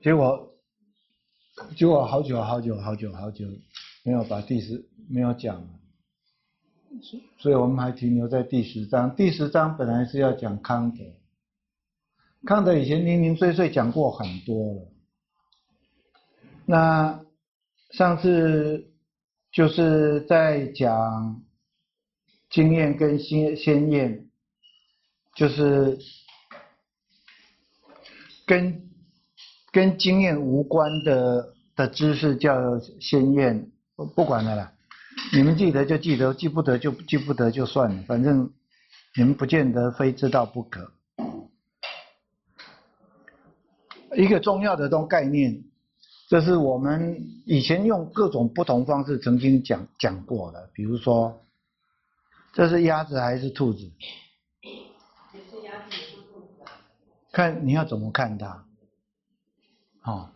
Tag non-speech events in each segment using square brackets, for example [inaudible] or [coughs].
結果，結果好久好久好久好久沒有把第十沒有講了，所以，我們還停留在第十章。第十章本來是要講康德，康德以前零零碎碎講過很多了。那上次就是在講經驗跟先先驗，就是跟。跟經驗無關的的知識叫先驗，不管它了啦。你們記得就記得，記不得就記不得就算了。反正你們不見得非知道不可。一個重要的東概念，這是我們以前用各種不同方式曾經講講過的。比如說，這是鴨子還是兔子？子兔子看你要怎麼看它。啊、哦，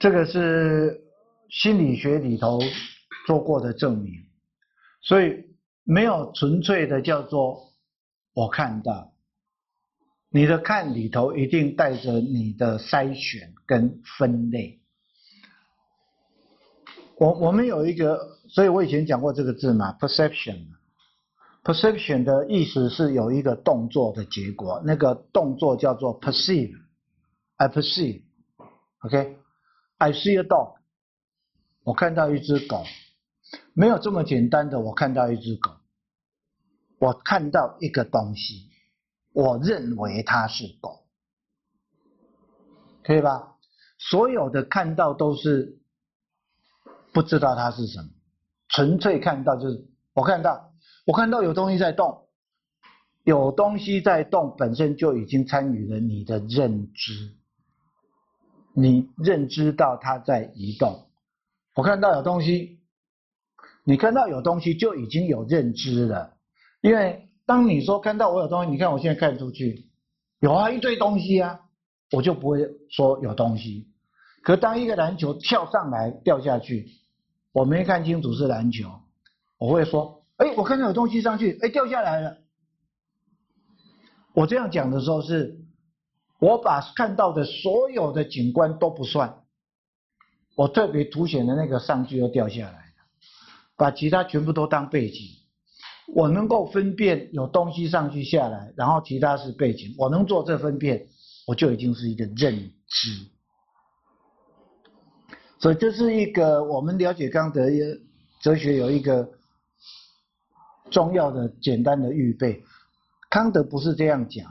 這個是心理學裡頭做過的證明，所以沒有純粹的叫做我看到，你的看裡頭一定帶着你的篩選跟分類。我我們有一個，所以我以前講過這個字嘛，perception。Per Perception 的意思是有一個動作的結果，那個動作叫做 perceive。I perceive，OK？I see a dog。我看到一隻狗，沒有這麼簡單的。我看到一隻狗，我看到一個東西，我認為它是狗，可以吧？所有的看到都是不知道它是什麼，純粹看到就是我看到。我看到有東西在動，有東西在動本身就已經參與了你的認知，你認知到它在移動。我看到有東西，你看到有東西就已經有認知了，因為當你說看到我有東西，你看我現在看出去，有啊，一堆東西啊，我就不會說有東西。可當一個籃球跳上來掉下去，我沒看清楚是籃球，我會說。哎，我看到有東西上去，哎，掉下來了。我這樣講的時候是，我把看到的所有的景觀都不算，我特別凸顯的那個上去又掉下來了，把其他全部都當背景。我能夠分辨有東西上去下來，然後其他是背景，我能做這分辨，我就已經是一個認知。所以這是一個我們了解康德的哲學有一個。重要的、簡單的預備。康德不是這樣講，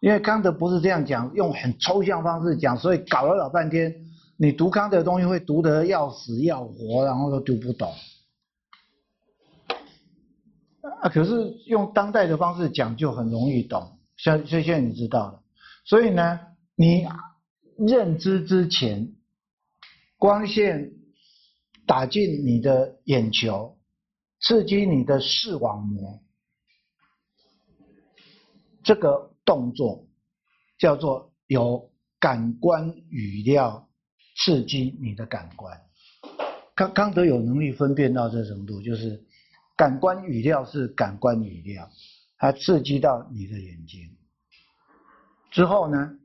因為康德不是這樣講，用很抽象方式講，所以搞了老半天，你讀康德的東西會讀得要死要活，然後都讀不懂。啊，可是用當代的方式講就很容易懂，像像現在你知道了。所以呢，你認知之前，光線打進你的眼球。刺激你的視網膜，這個動作叫做有感官與料刺激你的感官。康康德有能力分辨到這程度，就是感官與料是感官與料，它刺激到你的眼睛之後呢，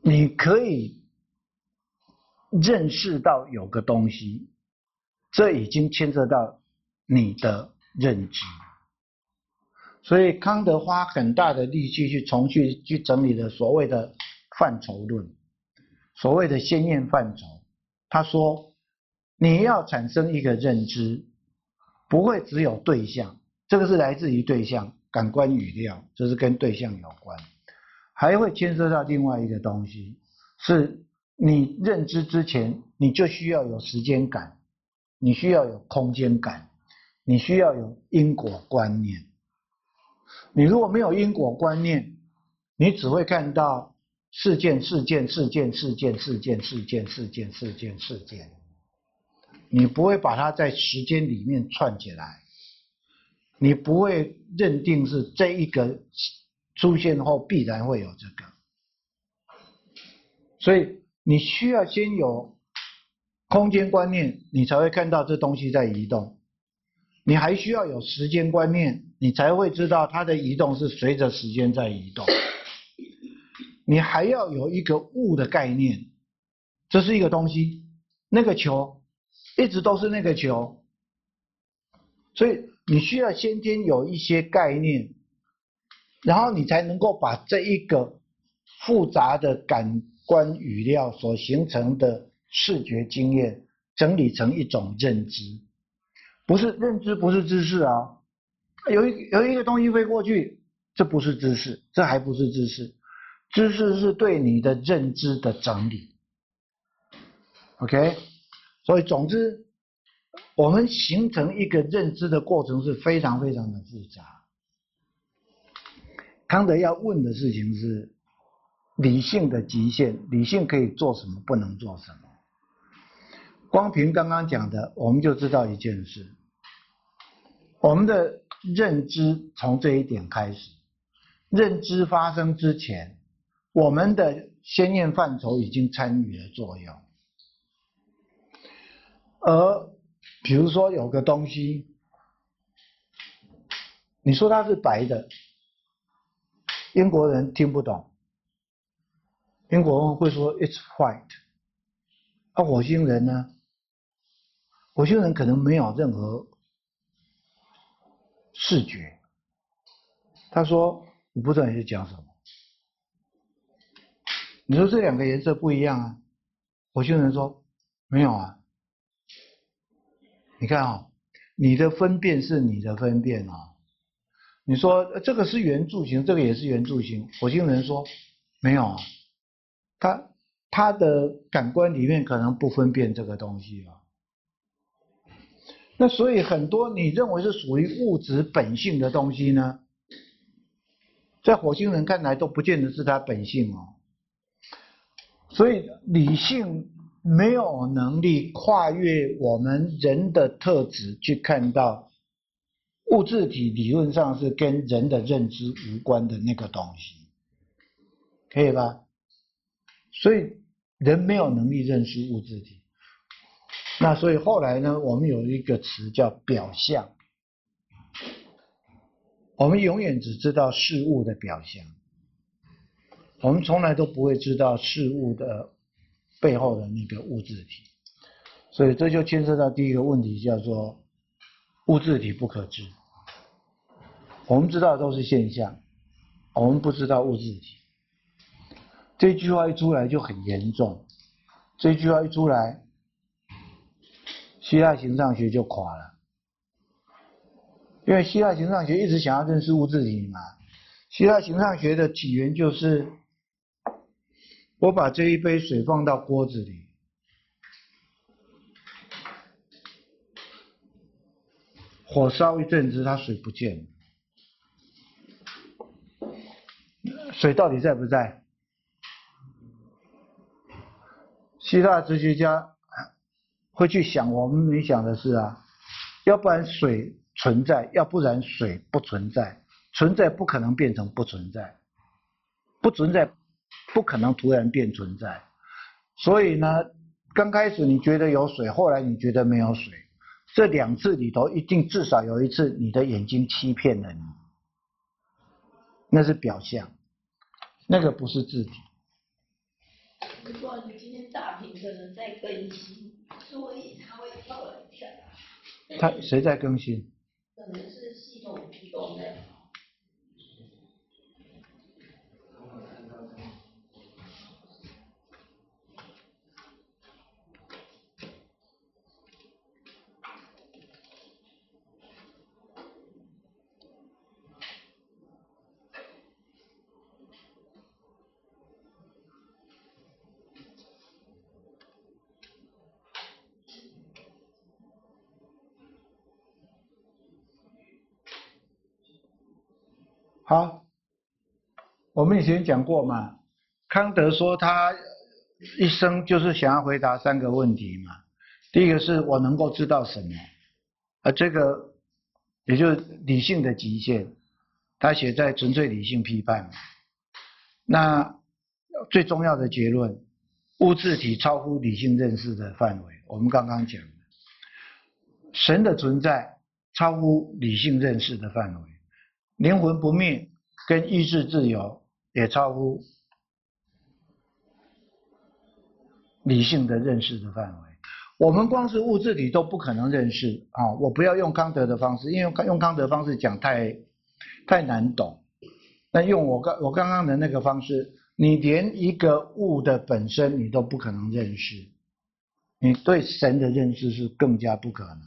你可以認識到有個東西。這已經牽涉到你的認知，所以康德花很大的力氣去重去去整理的所謂的範疇論，所謂的先驗範疇。他說，你要產生一個認知，不會只有對象，這個是來自於對象，感官與料，這，就是跟對象有關，還會牽涉到另外一個東西，是你認知之前，你就需要有時間感。你需要有空間感，你需要有因果觀念。你如果沒有因果觀念，你只會看到事件、事件、事件、事件、事件、事件、事件、事件、事件，你不會把它在時間裡面串起來，你不會認定是這一個出現後必然會有這個，所以你需要先有。空間觀念，你才會看到這東西在移動；你還需要有時間觀念，你才會知道它的移動是隨着時間在移動。你還要有一個物的概念，這是一個東西，那個球一直都是那個球，所以你需要先天有一些概念，然後你才能夠把這一個複雜的感官與料所形成的。視覺經驗整理成一種認知，不是認知，不是知識啊。有一有一個東西飛過去，這不是知識，這還不是知識。知識是對你的認知的整理。OK，所以總之，我們形成一個認知的過程是非常非常的複雜。康德要問的事情是，理性的極限，理性可以做什麼，不能做什麼。光憑剛剛講的，我們就知道一件事：我們的認知從這一點開始。認知發生之前，我們的先驗範疇已經參與了作用。而比如說，有個東西，你說它是白的，英國人聽不懂，英國人會說 “it's white”，而火星人呢？火星人可能沒有任何視覺，他說我不知道你在講什麼。你說這兩個顏色不一樣啊？火星人說沒有啊。你看啊、喔，你的分辨是你的分辨啊、喔。你說這個是圓柱形，這個也是圓柱形。火星人說沒有啊，他他的感官裡面可能不分辨這個東西啊、喔。那所以很多你認為是屬於物質本性的東西呢，在火星人看來都不見得是他本性哦、喔。所以理性沒有能力跨越我們人的特質去看到物自體，理論上是跟人的認知無關的那個東西，可以吧？所以人沒有能力認識物自體。那所以後來呢，我們有一個詞叫表象，我們永遠只知道事物的表象，我們從來都不會知道事物的背後的那個物自體，所以這就牽涉到第一個問題，叫做物自體不可知。我們知道的都是現象，我們不知道物自體。這句話一出來就很嚴重，這句話一出來。希臘形上學就垮了，因為希臘形上學一直想要認識物自體嘛。希臘形上學的起源就是，我把這一杯水放到鍋子裡，火燒一陣子，它水不見了，水到底在不在？希臘哲學家。會去想，我們沒想的是啊，要不然水存在，要不然水不存在，存在不可能變成不存在，不存在不可能突然變存在，所以呢，剛開始你覺得有水，後來你覺得沒有水，這兩次裡頭一定至少有一次你的眼睛欺騙了你，那是表象，那個不是自己。不過你，你今天大屏可能在更新。所以它會跳了一跳，啊。它誰在更新？可能是系統提供的。好，我們以前講過嘛，康德說他一生就是想要回答三個問題嘛。第一個是我能夠知道什麼？啊，這個也就是理性的極限，他寫在《純粹理性批判》嘛。那最重要的結論，物自體超乎理性認識的範圍，我們剛剛講的，神的存在超乎理性認識的範圍。靈魂不滅跟意志自由也超乎理性的認識的範圍，我們光是物自體都不可能認識啊！我不要用康德的方式，因為用康德的方式講太太難懂。那用我剛我剛剛的那個方式，你連一個物的本身你都不可能認識，你對神的認識是更加不可能。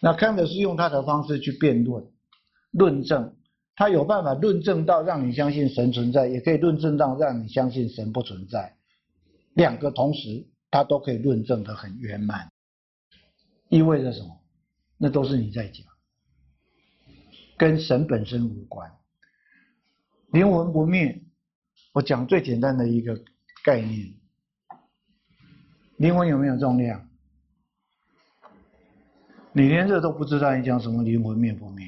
那康德是用他的方式去辯論。論證，他有辦法論證到讓你相信神存在，也可以論證到讓你相信神不存在，兩個同時他都可以論證得很圓滿，意味着什麼？那都是你在講，跟神本身無關。靈魂不滅，我講最簡單的一個概念，靈魂有沒有重量？你連這都不知道，你講什麼靈魂滅不滅？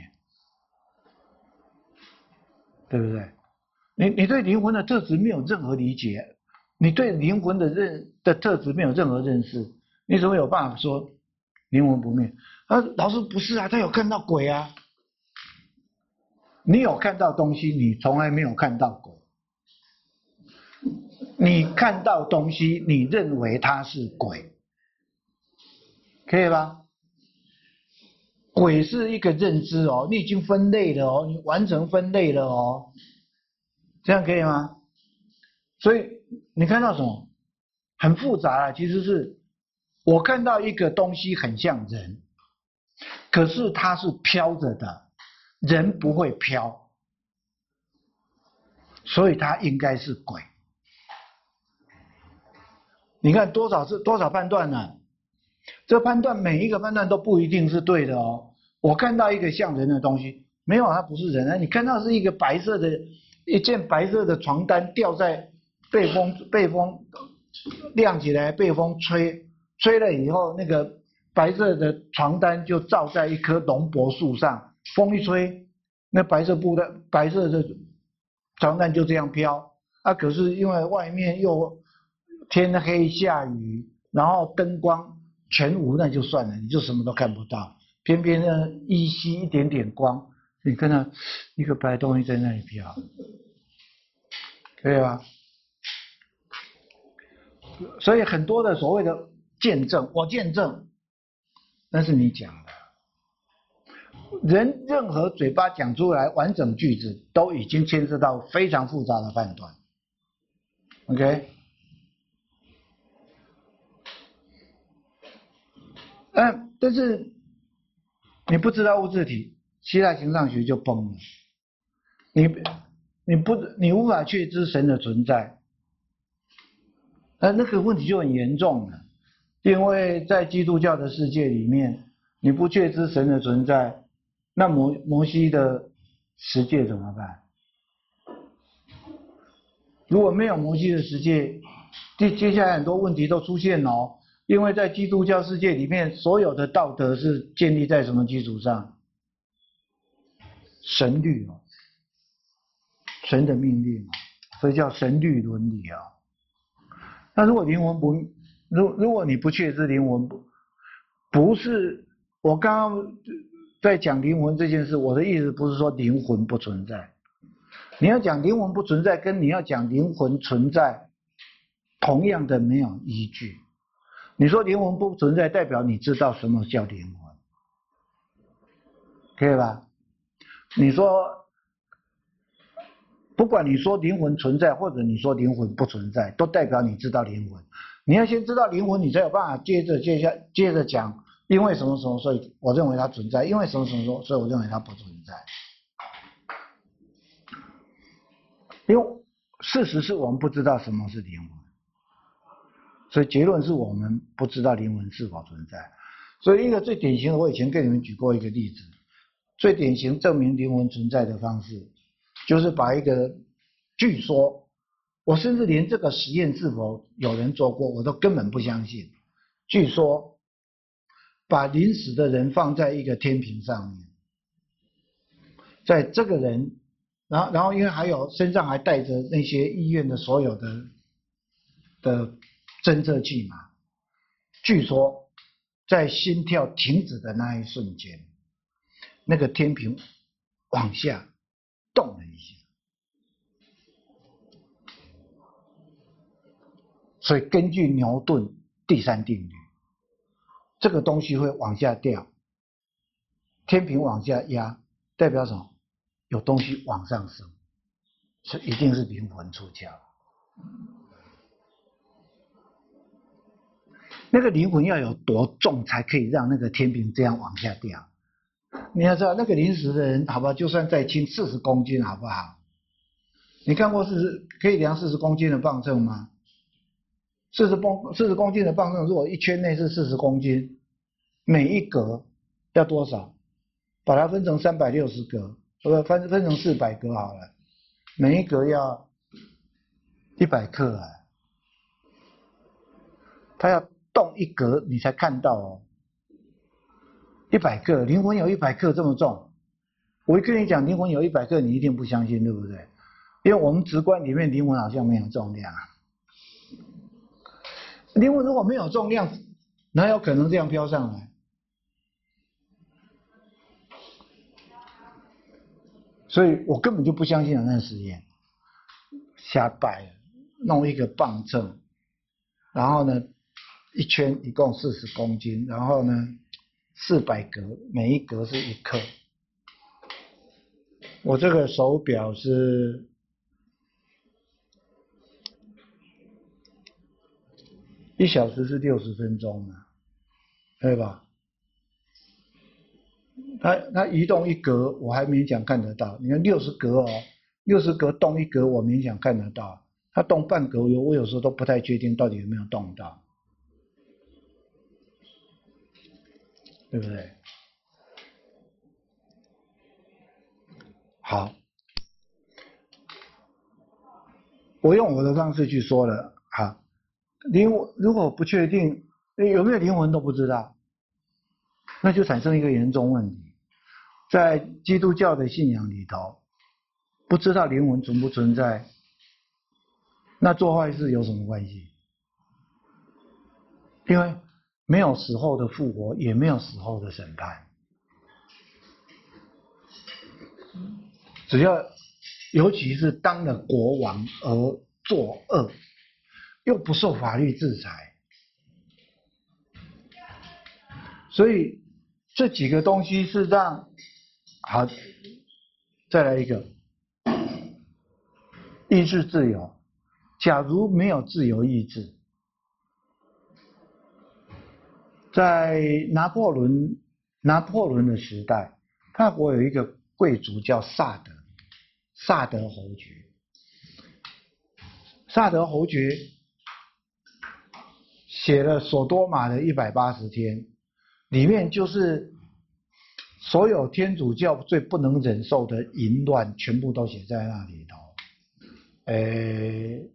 對不對？你你對靈魂的特質沒有任何理解，你對靈魂的認的特質沒有任何認識，你怎麼有辦法說靈魂不滅？啊，老師不是啊，他有看到鬼啊，你有看到東西，你從來沒有看到鬼，你看到東西，你認為他是鬼，可以吧？鬼是一個認知哦，你已經分類了哦，你完成分類了哦，這樣可以嗎？所以你看到什麼？很複雜啊，其實是我看到一個東西很像人，可是它是飄着的，人不會飄，所以它應該是鬼。你看多少是多少判斷呢、啊？這判斷每一個判斷都不一定是對的哦。我看到一個像人的東西，沒有，它不是人啊！你看到是一個白色的，一件白色的床單掉在被風被風晾起來，被風吹吹了以後，那個白色的床單就罩在一棵龍柏樹上。風一吹，那白色布的，白色的床單就這樣飄。啊，可是因為外面又天黑下雨，然後燈光全無，那就算了，你就什麼都看不到。邊邊呢，邊邊依稀一點點光，你看到一個白東西在那裡飄，可以吧？所以很多的所謂的見證，我見證，那是你講的。人任何嘴巴講出來完整句子，都已經牽涉到非常複雜的判斷。OK，哎、嗯，但是。你不知道物自體，希臘形上學就崩了。你你不你無法確知神的存在，那那個問題就很嚴重了。因為在基督教的世界裡面，你不確知神的存在，那摩摩西的十誡怎麼辦？如果沒有摩西的十誡，接下來很多問題都出現了，哦。因為在基督教世界裡面，所有的道德是建立在什麼基礎上？神律哦，神的命令，所以叫神律倫理啊、哦。那如果靈魂不，如果如果你不確知靈魂不不是，我剛剛在講靈魂這件事，我的意思不是說靈魂不存在。你要講靈魂不存在，跟你要講靈魂存在，同樣的沒有依據。你說靈魂不存在，代表你知道什麼叫靈魂，可以吧？你說不管你說靈魂存在，或者你說靈魂不存在，都代表你知道靈魂。你要先知道靈魂，你才有辦法接着接下接着講。因為什麼什麼，所以我認為它存在；因為什麼什麼，所以我認為它不存在。因為事實是我們不知道什麼是靈魂。所以結論是我們不知道靈魂是否存在，所以一個最典型的，我以前跟你們舉過一個例子，最典型證明靈魂存在的方式，就是把一個據說，我甚至連這個實驗是否有人做過，我都根本不相信。據說，把臨死的人放在一個天平上面，在這個人，然後然後因為還有身上還帶着那些醫院的所有的的。偵測器嘛，據說在心跳停止的那一瞬間，那個天平往下動了一下，所以根據牛頓第三定律，這個東西會往下掉，天平往下壓，代表什麼？有東西往上升，所以一定是靈魂出竅。那個靈魂要有多重才可以讓那個天平這樣往下掉？你要知道，那個臨時的人，好吧好，就算再輕四十公斤，好不好？你看過四十可以量四十公斤的磅秤嗎？四十公四十公斤的磅秤，如果一圈內是四十公斤，每一格要多少？把它分成三百六十格，不，分分成四百格好了，每一格要一百克啊？它要。動一格，你才看到哦。一百克靈魂有一百克這麼重，我跟你講，靈魂有一百克，你一定不相信，對不對？因為我們直觀裡面靈魂好像沒有重量。靈魂如果沒有重量，哪有可能這樣飄上來？所以我根本就不相信有那實驗，瞎掰，弄一個棒秤，然後呢？一圈一共四十公斤，然後呢，四百格，每一格是一克。我這個手錶是，一小時是六十分鐘嘛，對吧？它它移動一格，我還勉強看得到。你看六十格哦，六十格動一格，我勉強看得到。它動半格，我我有時候都不太確定到底有沒有動到。對不對？好，我用我的方式去說了哈、啊。靈如果不確定有沒有靈魂都不知道，那就產生一個嚴重問題。在基督教的信仰裡頭，不知道靈魂存不存在，那做壞事有什麼關係？另外。沒有死後的復活，也沒有死後的審判。只要，尤其是當了國王而作惡，又不受法律制裁，所以這幾個東西是讓好。再來一個，意志自由。假如沒有自由意志。在拿破崙拿破崙的時代，法國有一個貴族叫薩德，薩德侯爵，薩德侯爵寫了《所多瑪的一百八十天》，裡面就是所有天主教最不能忍受的淫亂，全部都寫在那裡頭，哎、欸。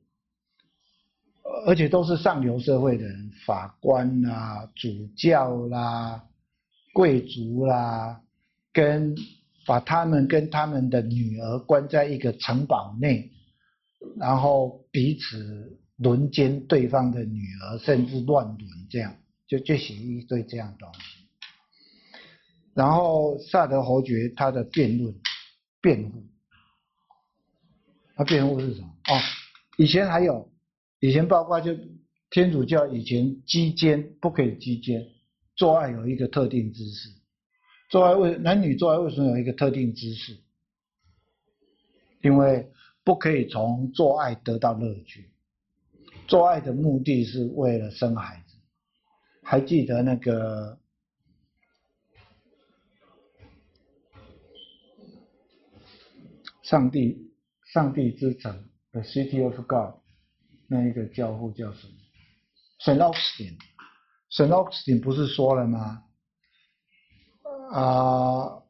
而且都是上流社會的人，法官啦、啊、主教啦、啊、貴族啦、啊，跟把他們跟他們的女兒關在一個城堡內，然後彼此輪奸對方的女兒，甚至亂倫，這樣就就寫一堆這樣的東西。然後薩德侯爵他的辯論、辯護，他辯護是什麼？哦，以前還有。以前八卦，就天主教以前雞姦，不可以雞姦。做愛有一個特定姿勢，做愛為男女做愛為什麼有一個特定姿勢？因為不可以從做愛得到樂趣，做愛的目的是為了生孩子。還記得那個上帝，上帝之城的 City of God。那一個教父叫什麼？聖奧斯汀，聖奧斯汀，不是說了嗎？啊、uh，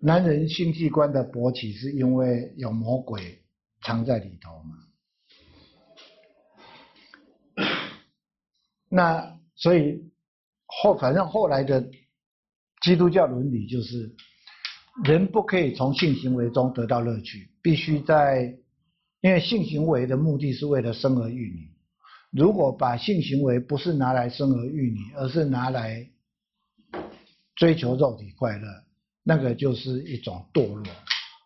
男人性器官的勃起是因為有魔鬼藏在裡頭嘛？ [coughs] 那所以後反正後來的基督教倫理就是，人不可以從性行為中得到樂趣，必須在。因為性行為的目的是為了生兒育女，如果把性行為不是拿來生兒育女，而是拿來追求肉體快樂，那個就是一種墮落，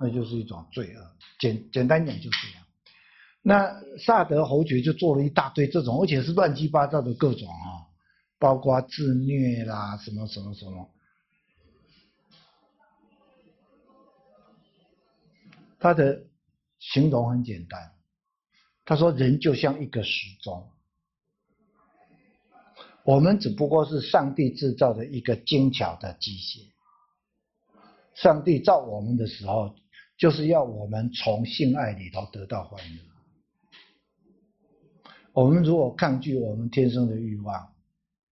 那就是一種罪惡。簡簡單講就是這樣。那薩德侯爵就做了一大堆這種，而且是亂七八糟的各種啊，包括自虐啦，什麼什麼什麼，他的。形容很簡單，他說：“人就像一個時鐘，我們只不過是上帝製造的一個精巧的機械。上帝造我們的時候，就是要我們從性愛裡頭得到歡樂。我們如果抗拒我們天生的慾望，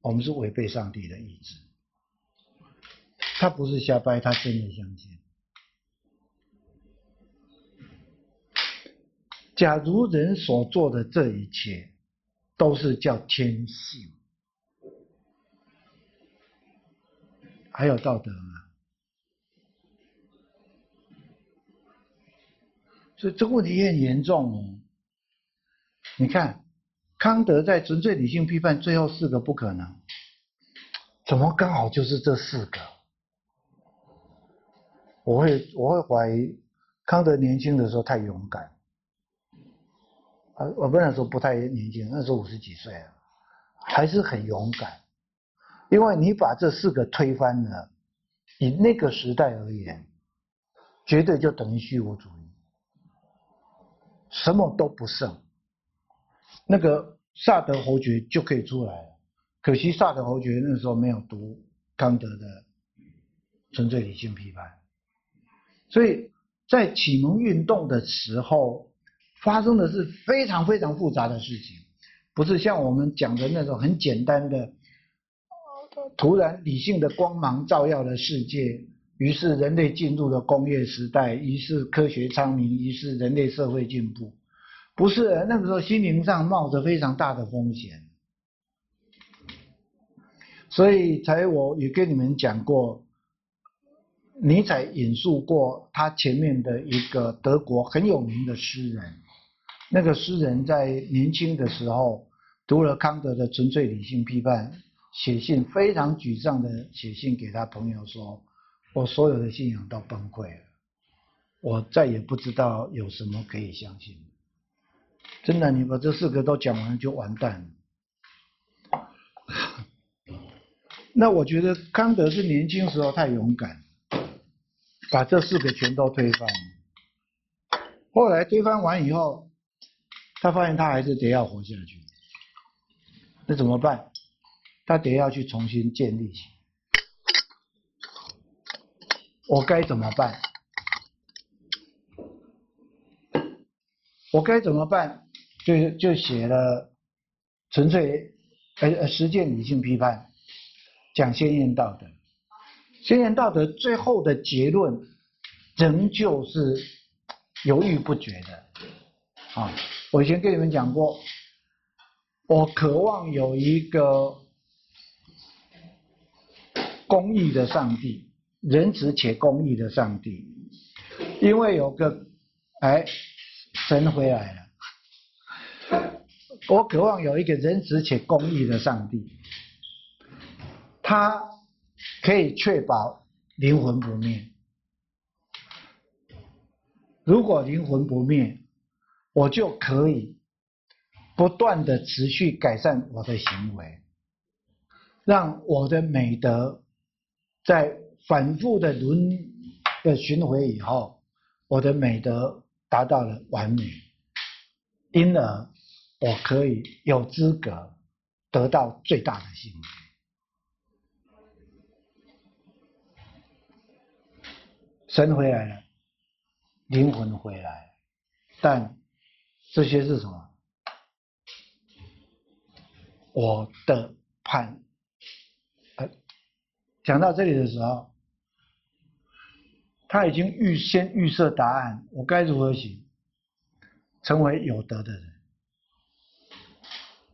我們是違背上帝的意志。他不是瞎掰，他真的相信。”假如人所做的這一切都是叫天性，還有道德嗎？所以這個問題也很嚴重哦。你看，康德在《純粹理性批判》最後四個不可能，怎麼剛好就是這四個？我會我會懷疑，康德年輕的時候太勇敢。啊，我不能說不太年輕，那時候五十幾歲了，還是很勇敢。因為你把這四個推翻了，以那個時代而言，絕對就等於虛無主義，什麼都不剩。那個薩德侯爵就可以出來了，可惜薩德侯爵那時候沒有讀康德的《純粹理性批判》，所以在啟蒙運動的時候。發生的是非常非常複雜的事情，不是像我們講的那種很簡單的。突然理性的光芒照耀了世界，於是人類進入了工業時代，於是科學昌明，於是人類社會進步。不是，那個時候心靈上冒着非常大的風險，所以才我也跟你們講過，尼采引述過他前面的一個德國很有名的詩人。那個詩人在年輕的時候讀了康德的《純粹理性批判》，寫信非常沮喪的寫信給他朋友說：“我所有的信仰都崩潰了，我再也不知道有什麼可以相信。”真的，你把這四個都講完就完蛋了。那我覺得康德是年輕時候太勇敢，把這四個全都推翻。後來推翻完以後，他發現他還是得要活下去，那怎麼辦？他得要去重新建立。我該怎麼辦？我該怎麼辦？就就寫了，純粹，呃呃，實踐理性批判，講先驗道德，先驗道德最後的結論，仍舊是猶豫不決的，啊、哦。我以前跟你們講過，我渴望有一個公義的上帝，仁慈且公義的上帝，因為有個哎神回來了，我渴望有一個仁慈且公義的上帝，他可以確保靈魂不滅，如果靈魂不滅。我就可以不斷的持續改善我的行為，讓我的美德在反復的輪的巡迴以後，我的美德達到了完美，因而我可以有資格得到最大的幸福。神回來了，靈魂回來了，但。這些是什麼？我的判，講到這裡的時候，他已經預先預設答案，我該如何行，成為有德的人？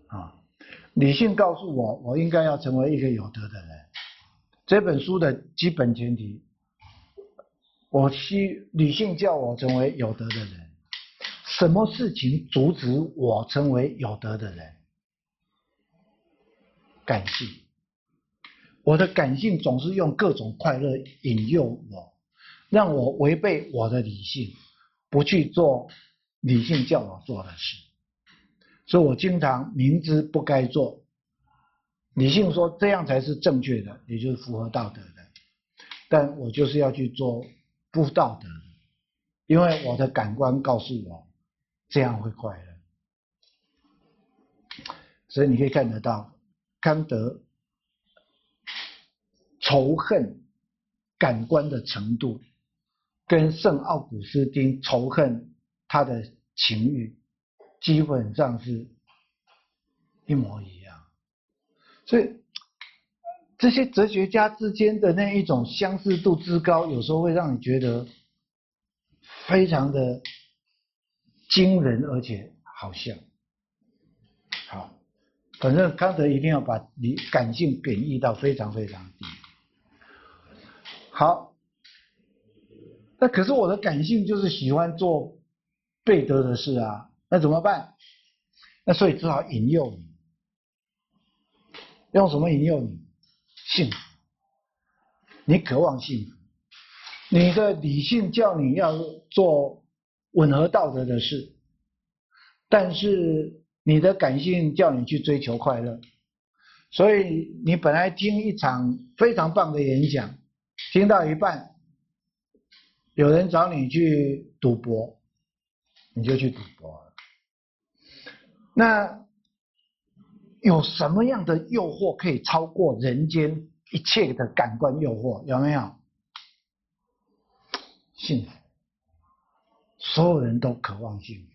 啊，理性告訴我，我應該要成為一個有德的人。這本書的基本前提，我需理性叫我成為有德的人。什麼事情阻止我成為有德的人？感性，我的感性總是用各種快樂引誘我，讓我違背我的理性，不去做理性叫我做的事。所以我經常明知不該做，理性說這樣才是正確的，也就是符合道德的，但我就是要去做不道德，因為我的感官告訴我，這樣會快樂。所以你可以看得到，康德仇恨感官的程度，跟聖奧古斯丁仇恨他的情欲，基本上是一模一樣。所以這些哲學家之間的那一種相似度之高，有時候會讓你覺得非常的。驚人，而且好笑。好，反正康德一定要把你感性貶抑到非常非常低。好，那可是我的感性就是喜歡做背德的事啊，那怎麼辦？那所以只好引誘你，用什麼引誘你？幸福，你渴望幸福，你的理性叫你要做。吻合道德的事，但是你的感性叫你去追求快樂，所以你本來聽一場非常棒的演講，聽到一半，有人找你去賭博，你就去賭博了。那有什麼樣的誘惑可以超過人間一切的感官誘惑？有沒有？幸福。所有人都渴望幸福，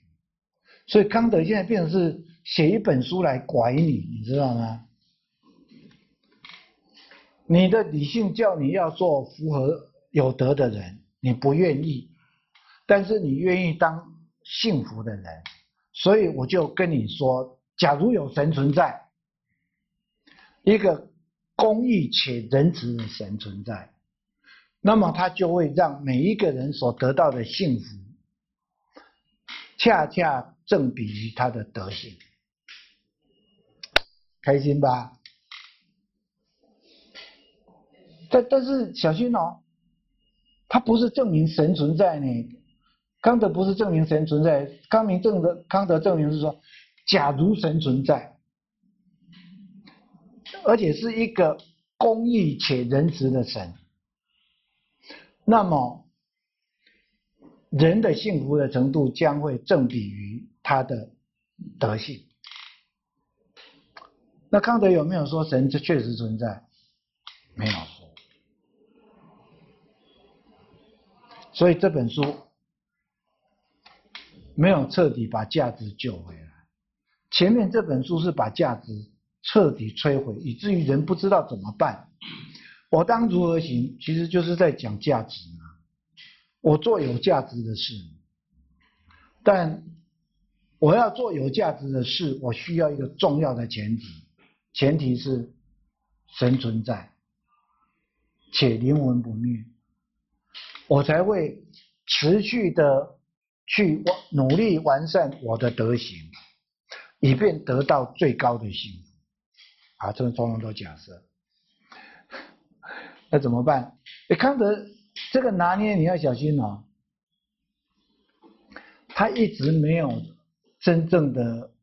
所以康德現在變成是寫一本書來拐你，你知道嗎？你的理性叫你要做符合有德的人，你不願意，但是你願意當幸福的人，所以我就跟你說，假如有神存在，一個公義且仁慈的神存在，那麼他就會讓每一個人所得到的幸福，恰恰正比於他的德行。開心吧？但但是小心哦，喔，他不是證明神存在呢。康德不是證明神存在，康明證德，康德證明是說，假如神存在，而且是一個公義且仁慈的神，那麼。人的幸福的程度將會正比於他的德性。那康德有沒有說神是確實存在？沒有。所以這本書沒有徹底把價值救回來。前面這本書是把價值徹底摧毀，以至於人不知道怎麼辦？我當如何行？其實就是在講價值。我做有價值的事，但我要做有價值的事，我需要一個重要的前提，前提是神存在且靈魂不滅，我才會持續的去努力完善我的德行，以便得到最高的幸福。啊，這個通常都假設，那怎麼辦？你、欸、康德。這個拿捏，你要小心哦，他一直沒有真正的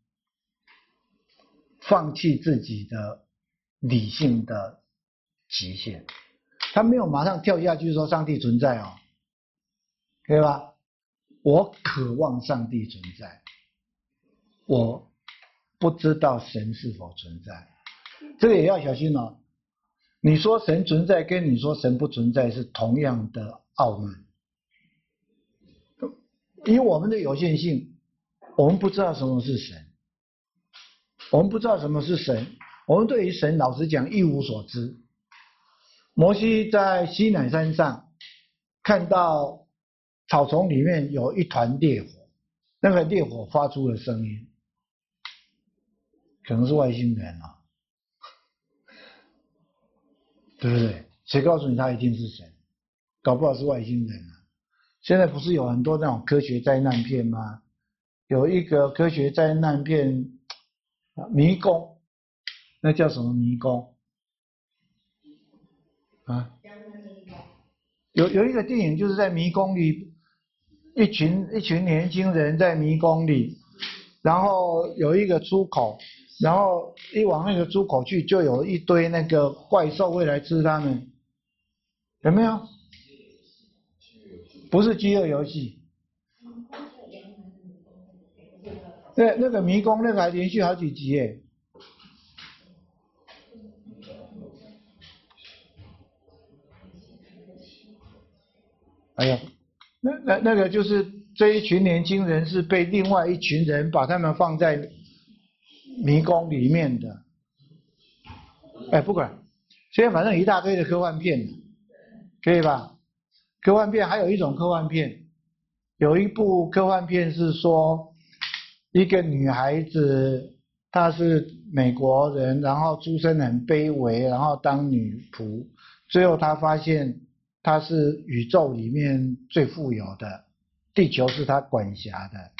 放棄自己的理性的極限，他沒有馬上跳下去說上帝存在啊、哦，對吧？我渴望上帝存在，我不知道神是否存在，這個也要小心哦。你說神存在，跟你說神不存在是同樣的傲慢。以我們的有限性，我們不知道什麼是神，我們不知道什麼是神，我們對於神老實講一無所知。摩西在西奈山上看到草叢裡面有一團烈火，那個烈火發出了聲音，可能是外星人啊。對不對？誰告訴你他一定是神？搞不好是外星人呢？啊？現在不是有很多那種科學災難片嗎？有一個科學災難片，迷宮，那叫什麼迷宮？啊？有有一個電影就是在迷宮裡，一群一群年輕人在迷宮裡，然後有一個出口，然後。一往那個出口去，就有一堆那個怪獸會來吃他們，有沒有？不是飢餓遊戲。那那個迷宮那個還連續好幾集耶。哎呀，那那那個就是這一群年輕人是被另外一群人把他們放在。迷宮裡面的，哎、欸，不管，現在反正有一大堆的科幻片，可以吧？科幻片還有一種科幻片，有一部科幻片是說，一個女孩子，她是美國人，然後出身很卑微，然後當女僕，最後她發現她是宇宙裡面最富有的，地球是她管轄的，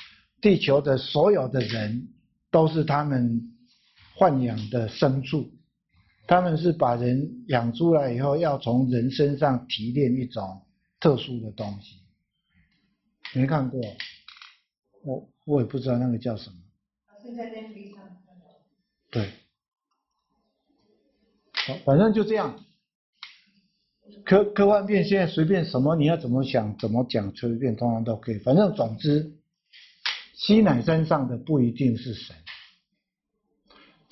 地球的所有的人，都是他們豢養的牲畜，他們是把人養出來以後，要從人身上提煉一種特殊的東西。沒看過，我我也不知道那個叫什麼。對，反反正就這樣。科科幻片現在隨便什麼，你要怎麼想怎麼講，隨便，通常都可以。反正總之，吸奶身上的不一定是誰。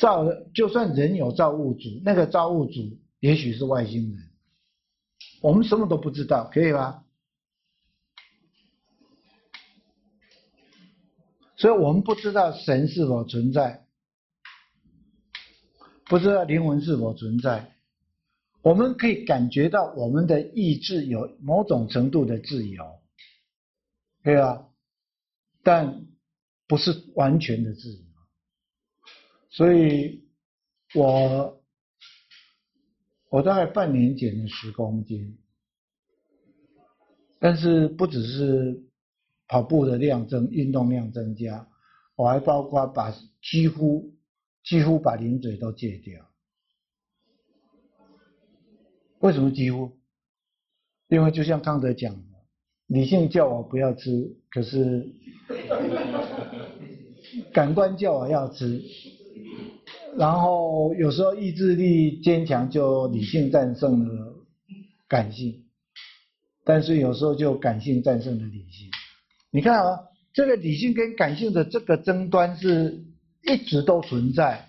造的，就算人有造物主，那個造物主也許是外星人，我們什麼都不知道，可以吧？所以，我們不知道神是否存在，不知道靈魂是否存在。我們可以感覺到我們的意志有某種程度的自由，對吧？但不是完全的自由。所以我，我我大概半年減了十公斤，但是不只是跑步的量增，運動量增加，我還包括把幾乎幾乎把零嘴都戒掉。為什麼幾乎？因為就像剛才講的，理性叫我不要吃，可是，感官叫我要吃。然後有時候意志力堅強，就理性戰勝了感性，但是有時候就感性戰勝了理性。你看啊，這個理性跟感性的這個爭端是一直都存在。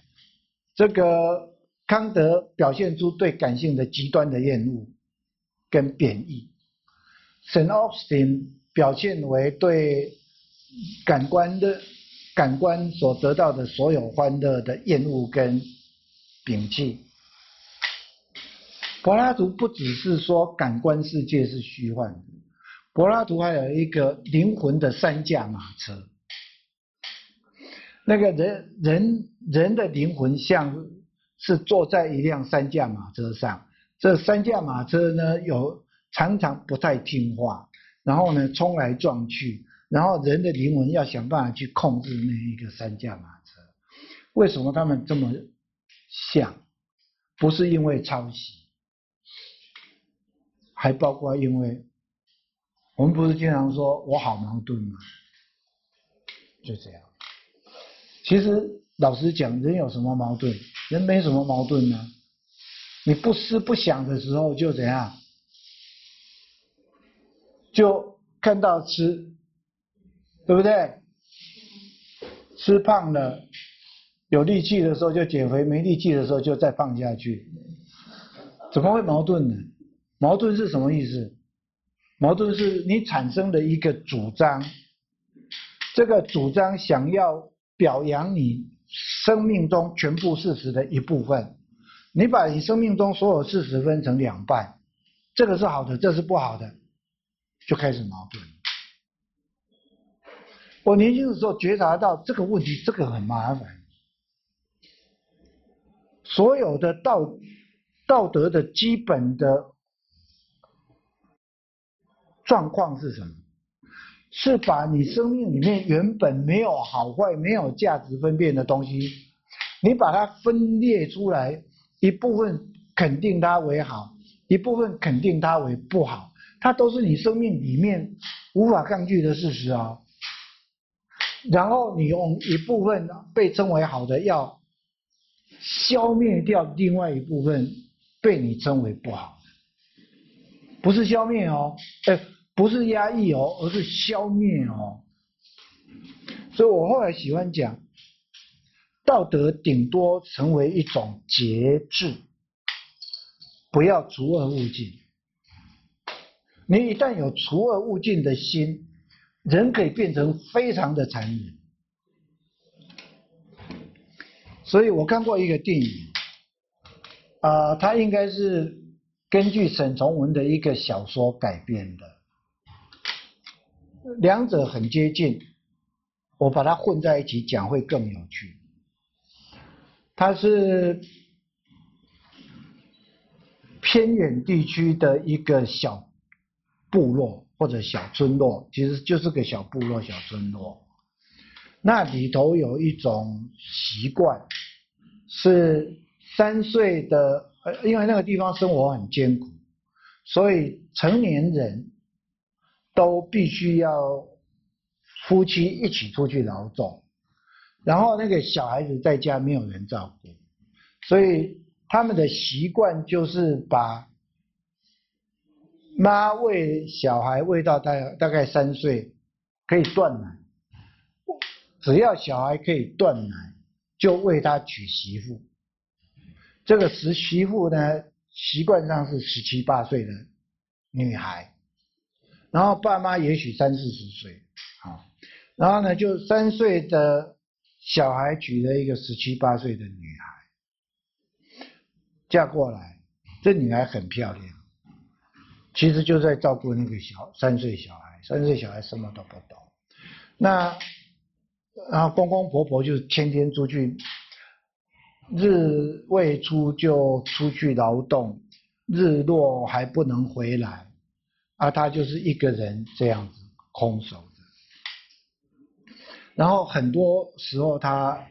這個康德表現出對感性的極端的厭惡跟貶義，聖奧古斯丁表現為對感官的。感官所得到的所有歡樂的厭惡跟摒棄。柏拉圖不只是說感官世界是虛幻的，柏拉圖還有一個靈魂的三駕馬車。那個人人人的靈魂像是坐在一輛三駕馬車上，這三駕馬車呢，有常常不太聽話，然後呢衝來撞去。然後人的靈魂要想辦法去控制那一個三駕馬車，為什麼他們這麼像？不是因為抄襲，還包括因為，我們不是經常說我好矛盾嗎？就這樣。其實老實講，人有什麼矛盾？人沒什麼矛盾呢。你不思不想的時候，就怎樣？就看到吃。對不對？吃胖了，有力氣的時候就減肥，沒力氣的時候就再胖下去，怎麼會矛盾呢？矛盾是什麼意思？矛盾是你產生了一個主張，這個主張想要表揚你生命中全部事實的一部分，你把你生命中所有事實分成兩半，這個是好的，這個是不好的，就開始矛盾。我年輕的時候覺察到這個問題，這個很麻煩。所有的道道德的基本的狀況是什麼？是把你生命裡面原本沒有好壞、沒有價值分辨的東西，你把它分裂出來，一部分肯定它為好，一部分肯定它為不好，它都是你生命裡面無法抗拒的事實啊、哦。然後你用一部分被稱為好的，要消滅掉另外一部分被你稱為不好，不是消滅哦，哎，不是壓抑哦，而是消滅哦。所以我後來喜歡講，道德頂多成為一種節制，不要除惡務盡。你一旦有除惡務盡的心，人可以變成非常的殘忍，所以我看過一個電影，啊，它應該是根據沈從文的一個小說改編的，兩者很接近，我把它混在一起講會更有趣。它是偏遠地區的一個小部落。或者小村落，其實就是個小部落、小村落，那裡頭有一種習慣，是三歲的呃，因為那個地方生活很艱苦，所以成年人都必須要夫妻一起出去勞動，然後那個小孩子在家沒有人照顧，所以他們的習慣就是把。媽餵小孩餵到大，大概三歲，可以斷奶。只要小孩可以斷奶，就為他娶媳婦。這個十媳婦呢，習慣上是十七八歲的女孩，然後爸媽也許三四十歲啊，然後呢就三歲的小孩娶了一個十七八歲的女孩，嫁過來，這女孩很漂亮。其實就在照顧那個小三歲小孩，三歲小孩什麼都不懂。那然後公公婆婆就天天出去，日未出就出去勞動，日落還不能回來。啊，他就是一個人這樣子空手的。然後很多時候他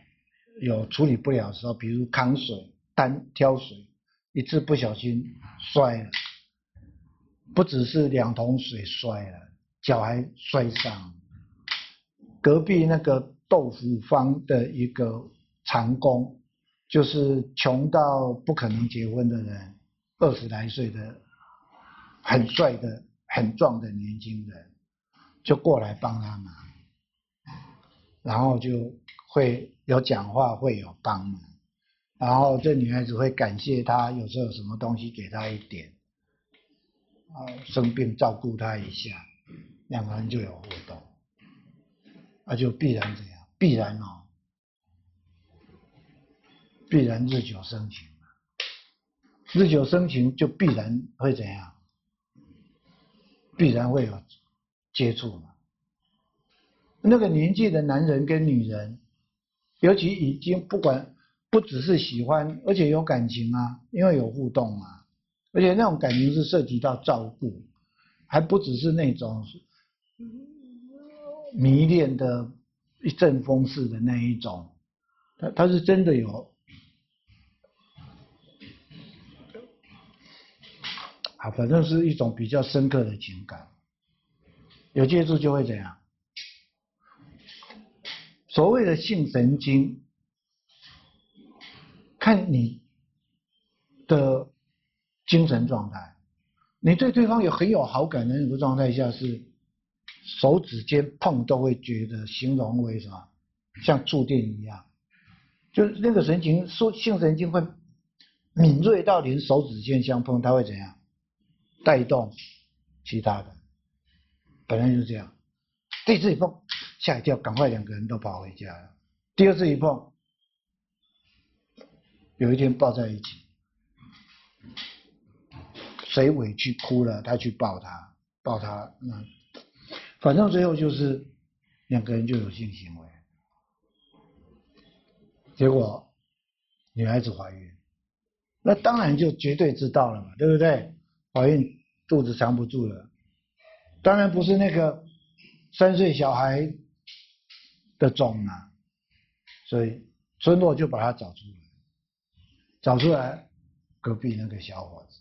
有處理不了的時候，比如扛水、單挑水，一次不小心摔了。不只是兩桶水摔了，腳還摔傷。隔壁那個豆腐坊的一個長工，就是窮到不可能結婚的人，二十來歲的，很帥的、很壯的年輕人，就過來幫他忙，然後就會有講話，會有幫忙，然後這女孩子會感謝他，有時候有什麼東西給他一點。啊，生病照顧他一下，兩個人就有互動，那、啊、就必然怎樣？必然哦，必然日久生情嘛。日久生情就必然會怎樣？必然會有接觸嘛。那個年紀的男人跟女人，尤其已經不管不只是喜歡，而且有感情啊，因為有互動嘛。而且那種感情是涉及到照顧，還不只是那種迷戀的一陣風似的那一種，他他是真的有，啊，反正是一種比較深刻的情感，有接觸就會怎樣？所謂的性神經，看你的。精神狀態，你對對方有很有好感的那種狀態下，是手指尖碰都會覺得形容為什麼像觸電一樣，就是那個神經、性神經會敏銳到連手指尖相碰，他會怎樣帶動其他的？本來就是這樣，第一次一碰嚇一跳，趕快兩個人都跑回家了。第二次一碰，有一天抱在一起。誰委屈哭了，他去抱她、抱她，那反正最後就是兩個人就有性行為，結果女孩子懷孕，那當然就絕對知道了嘛，對不對？懷孕肚子藏不住了，當然不是那個三歲小孩的種啊，所以村落就把他找出來，找出來隔壁那個小伙子。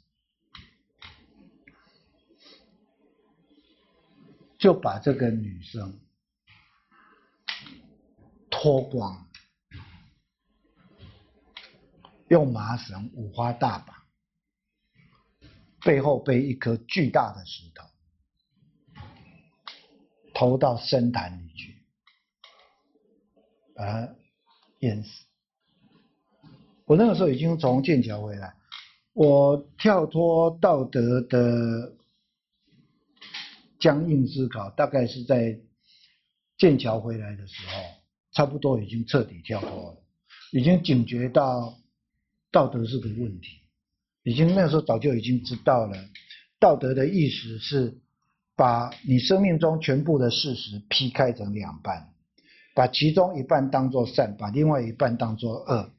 就把這個女生脫光，用麻繩五花大綁，背後背一顆巨大的石頭，投到深潭裡去，把她淹死。我那個時候已經從劍橋回來，我跳脫道德的。僵硬思考，大概是在劍橋回來的時候，差不多已經徹底跳脫了，已經警覺到道德是個問題，已經那時候早就已經知道了，道德的意思是把你生命中全部的事實劈開成兩半，把其中一半當做善，把另外一半當做惡，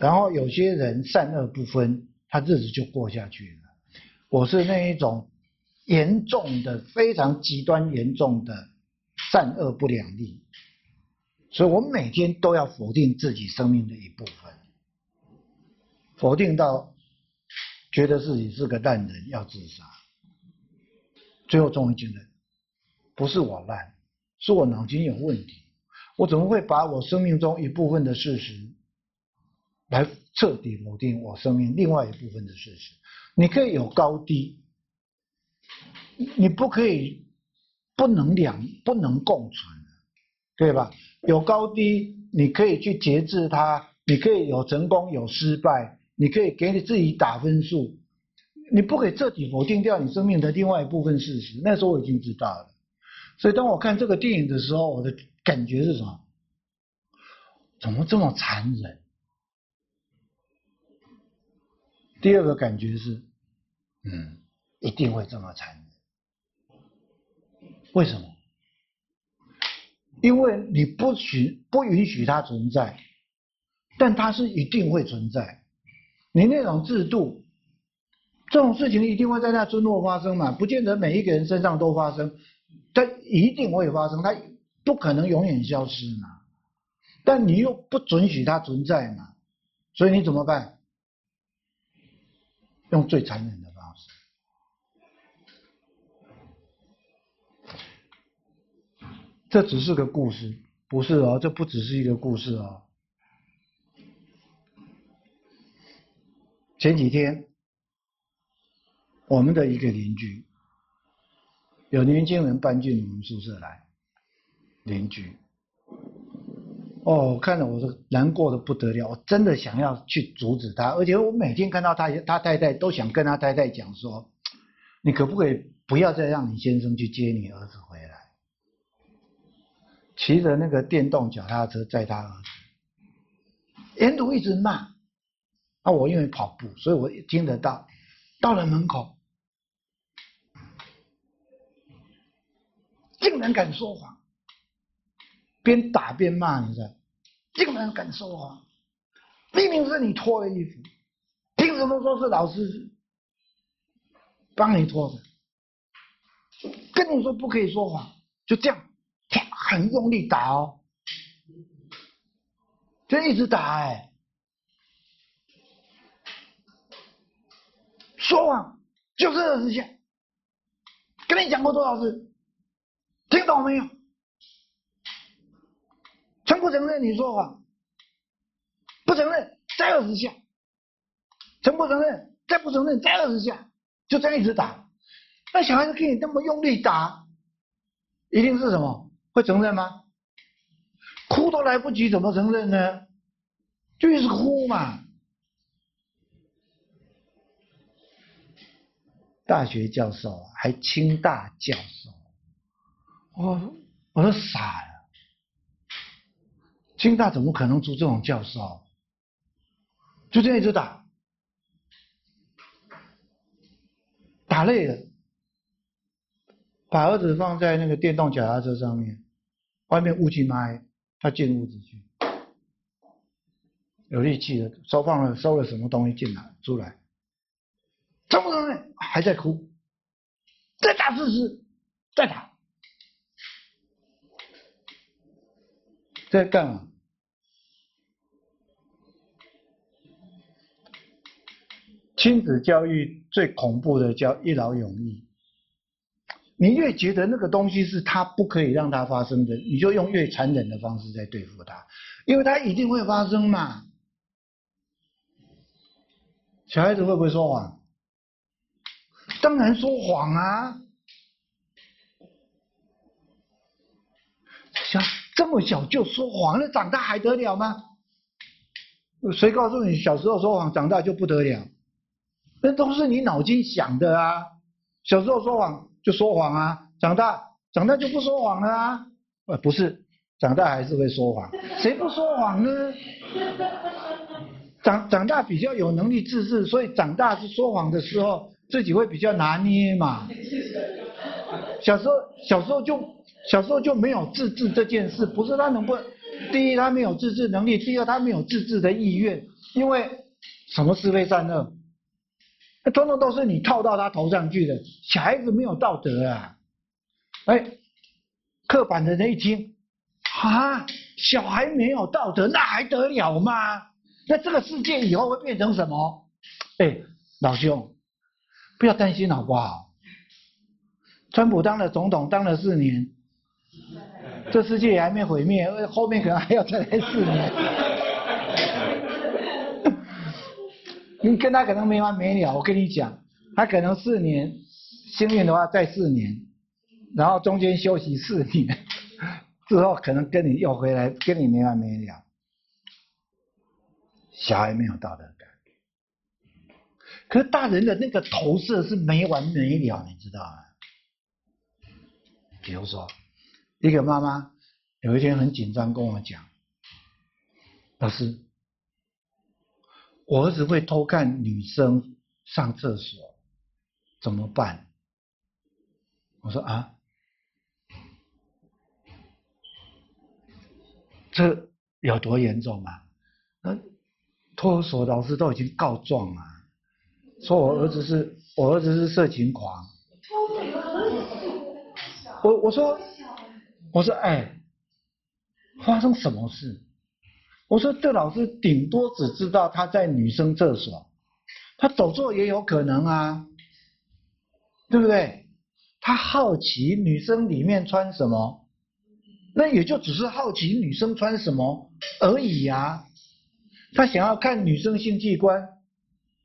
然後有些人善惡不分，他日子就過下去了。我是那一種。嚴重的、非常極端、嚴重的善惡不兩立，所以我們每天都要否定自己生命的一部分，否定到覺得自己是個爛人，要自殺。最後終於覺得，不是我爛，是我腦筋有問題。我怎麼會把我生命中一部分的事實，來徹底否定我生命另外一部分的事實？你可以有高低。你不可以，不能兩不能共存，對吧？有高低，你可以去節制它，你可以有成功有失敗，你可以給你自己打分數，你不可以徹底否定掉你生命的另外一部分事實。那時候我已經知道了，所以當我看這個電影的時候，我的感覺是什麼？怎麼這麼殘忍？第二個感覺是，嗯，一定會這麼殘忍。為什麼？因為你不許不允許它存在，但它是一定會存在。你那種制度，這種事情一定會在那村落發生嘛，不見得每一個人身上都發生，但一定會發生，它不可能永遠消失嘛。但你又不准許它存在嘛，所以你怎麼辦？用最殘忍的。這只是個故事，不是哦，這不只是一個故事哦。前幾天，我們的一個鄰居有年輕人搬進我們宿舍來，鄰居，哦，看我看着我是難過得不得了，我真的想要去阻止他，而且我每天看到他，他太太都想跟他太太講說，你可不可以不要再讓你先生去接你兒子？騎着那個電動腳踏車載他兒子，沿途一直罵。啊，我因為跑步，所以我聽得到。到了門口，竟然敢說謊，邊打邊罵，你知道？竟然敢說謊，明明是你脫的衣服，憑什麼說是老師幫你脫的？跟你說不可以說謊，就這樣。很用力打哦，就一直打哎、欸，說謊就是二十下，跟你講過多少次，聽懂沒有？承不承認你說謊？不承認，再二十下。承不承認？再不承認，再二十下。就這樣一直打，那小孩子給你那麼用力打，一定是什麼？會承認嗎？哭都來不及，怎麼承認呢？就一直哭嘛。大學教授，還清大教授，我，我都傻了。清大怎麼可能出這種教授？就這樣一直打，打累了。把兒子放在那個電動腳踏車上面，外面霧氣霾，他進屋子去，有力氣了，收放了，收了什麼東西進來，出來，什麼東呢？還在哭，再打試試，再打，再幹啊！親子教育最恐怖的叫一勞永逸。你越覺得那個東西是它不可以讓它發生的，你就用越殘忍的方式在對付它，因為它一定會發生嘛。小孩子會不會說謊？當然說謊啊！小這麼小就說謊了，長大還得了嗎？誰告訴你小時候說謊長大就不得了？那都是你腦筋想的啊！小時候說謊。就說謊啊！長大，長大就不說謊了啊？呃，不是，長大還是會說謊。誰不說謊呢？長長大比較有能力自制，所以長大是說謊的時候，自己會比較拿捏嘛。小時候，小時候就小時候就沒有自制這件事，不是他能不能？第一，他沒有自制能力；第二，他沒有自制的意願。因為什麼是非善惡？那通通都是你套到他頭上去的。小孩子沒有道德啊！哎，刻板的人一聽，啊，小孩沒有道德，那還得了嗎？那這個世界以後會變成什麼？哎，老兄，不要擔心好不好？川普當了總統，當了四年，這世界也還沒毀滅，後面可能還要再來四年。 [laughs] 你跟他可能沒完沒了，我跟你講，他可能四年，幸運的話再四年，然後中間休息四年，之後可能跟你要回來，跟你沒完沒了。小孩沒有道德感，可是大人的那個投射是沒完沒了，你知道嗎？比如說，一個媽媽有一天很緊張跟我講，老師。我兒子會偷看女生上廁所，怎麼辦？我說啊，這有多嚴重啊？那托兒所老師都已經告狀了，說我兒子是我兒子是色情狂。我我說我說哎，發生什麼事？我說，這老師頂多只知道他在女生廁所，他走錯也有可能啊，對不對？他好奇女生裡面穿什麼，那也就只是好奇女生穿什麼而已呀、啊。他想要看女生性器官，